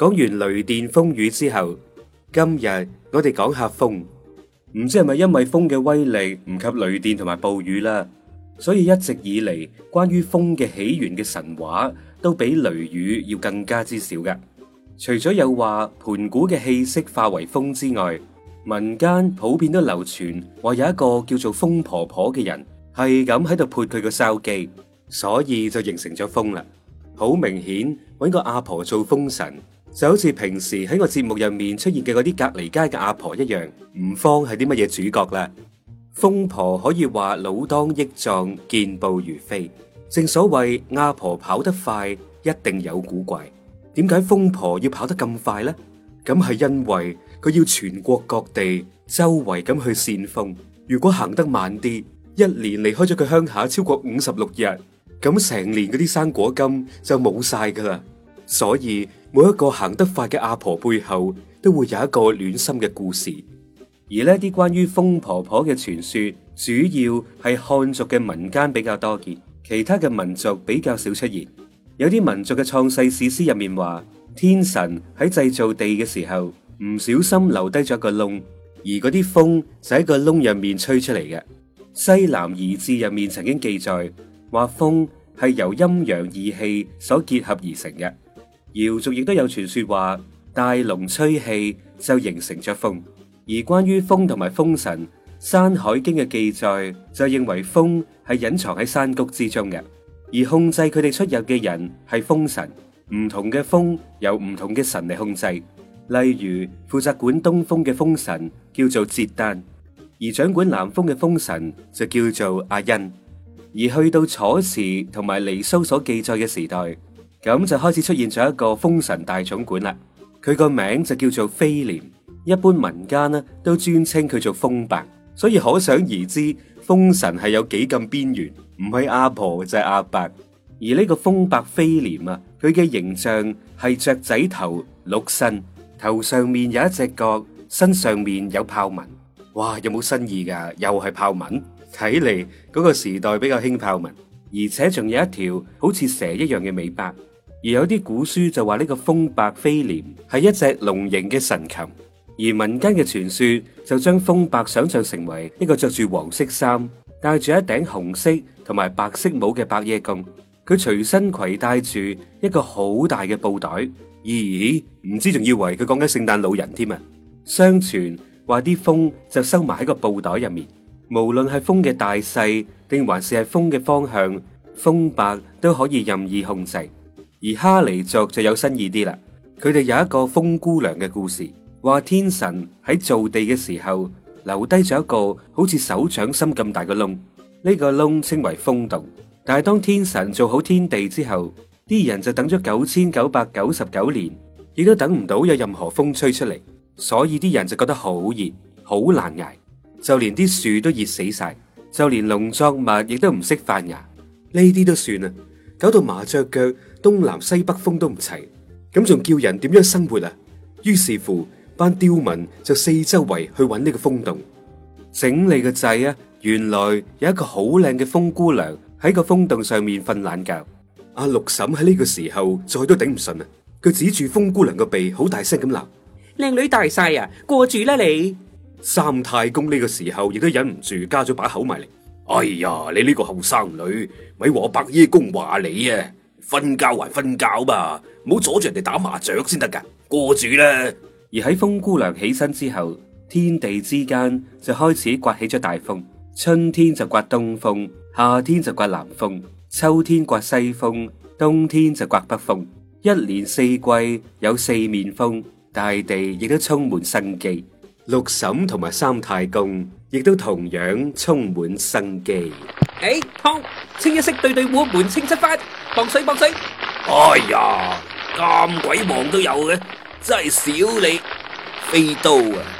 講完雷電風雨之後，今日我哋講下風，唔知係咪因為風嘅威力唔及雷電同埋暴雨啦，所以一直以嚟關於風嘅起源嘅神話都比雷雨要更加之少㗎。除咗有話盤古嘅氣息化為風之外，民間普遍都流傳話有一個叫做風婆婆嘅人係咁喺度潑佢個筲箕，所以就形成咗風啦。好明顯揾個阿婆做風神。就好似平時喺我節目入面出現嘅嗰啲隔離街嘅阿婆一樣，唔慌係啲乜嘢主角啦？風婆可以話老當益壯，健步如飛。正所謂阿婆跑得快，一定有古怪。點解風婆要跑得咁快呢？咁係因為佢要全國各地周圍咁去煽風。如果行得慢啲，一年離開咗佢鄉下超過五十六日，咁成年嗰啲生果金就冇晒噶啦。所以每一個行得快嘅阿婆背後都會有一個暖心嘅故事。而呢啲關於風婆婆嘅傳說，主要係漢族嘅民間比較多見，其他嘅民族比較少出現。有啲民族嘅創世史詩入面話，天神喺製造地嘅時候唔小心留低咗個窿，而嗰啲風就喺個窿入面吹出嚟嘅。《西南彝志》入面曾經記載，話風係由陰陽二氣所結合而成嘅。瑤族亦都有傳說話，大龍吹氣就形成咗風。而關於風同埋風神，《山海經》嘅記載就認為風係隱藏喺山谷之中嘅，而控制佢哋出入嘅人係風神。唔同嘅風有唔同嘅神嚟控制。例如負責管東風嘅風神叫做折丹，而掌管南風嘅風神就叫做阿恩。而去到楚辭同埋離騷所記載嘅時代。咁就開始出現咗一個風神大總管啦，佢個名就叫做飛廉，一般民間呢都尊稱佢做風伯，所以可想而知風神係有幾咁邊緣，唔係阿婆就係阿伯。而呢個風伯飛廉啊，佢嘅形象係雀仔頭、鹿身，頭上面有一隻角，身上面有豹紋。哇，有冇新意㗎？又係豹紋，睇嚟嗰個時代比較興豹紋，而且仲有一條好似蛇一樣嘅尾巴。而有啲古書就話呢個風伯飛廉係一隻龍形嘅神禽，而民間嘅傳說就將風伯想象成為一個着住黃色衫、戴住一頂紅色同埋白色帽嘅白夜公。佢隨身攜帶住一個好大嘅布袋，而咦？唔知仲以為佢講緊聖誕老人添啊！相傳話啲風就收埋喺個布袋入面，無論係風嘅大細，定還是係風嘅方向，風伯都可以任意控制。而哈尼族就有新意啲啦，佢哋有一個風姑娘嘅故事，話天神喺造地嘅時候留低咗一個好似手掌心咁大嘅窿，呢個窿稱為風洞。但係當天神做好天地之後，啲人就等咗九千九百九十九年，亦都等唔到有任何風吹出嚟，所以啲人就覺得好熱、好難挨，就連啲樹都熱死晒，就連農作物亦都唔識發芽。呢啲都算啊。搞到麻雀腳，東南西北風都唔齊，咁仲叫人點樣生活啊？於是乎，班刁民就四周圍去搵呢個風洞，整理個掣啊！原來有一個好靚嘅風姑娘喺個風洞上面瞓懶覺。阿六嬸喺呢個時候再都頂唔順啦，佢指住風姑娘個鼻，好大聲咁鬧：靚女大細啊，過住啦你！三太公呢個時候亦都忍唔住加咗把口埋嚟。哎呀，你呢個後生女，咪話我伯爺公話你啊！瞓覺還瞓覺嘛，唔好阻住人哋打麻雀先得㗎，過住啦。而喺風姑娘起身之後，天地之間就開始颳起咗大風，春天就颳東風，夏天就颳南風，秋天颳西風，冬天就颳北風，一年四季有四面風，大地亦都充滿生機。六嬸同埋三太公亦都同樣充滿生機。哎，好，清一色對對糊，門清七番，磅水磅水。哎呀，咁鬼旺都有嘅，真係少你飛刀啊！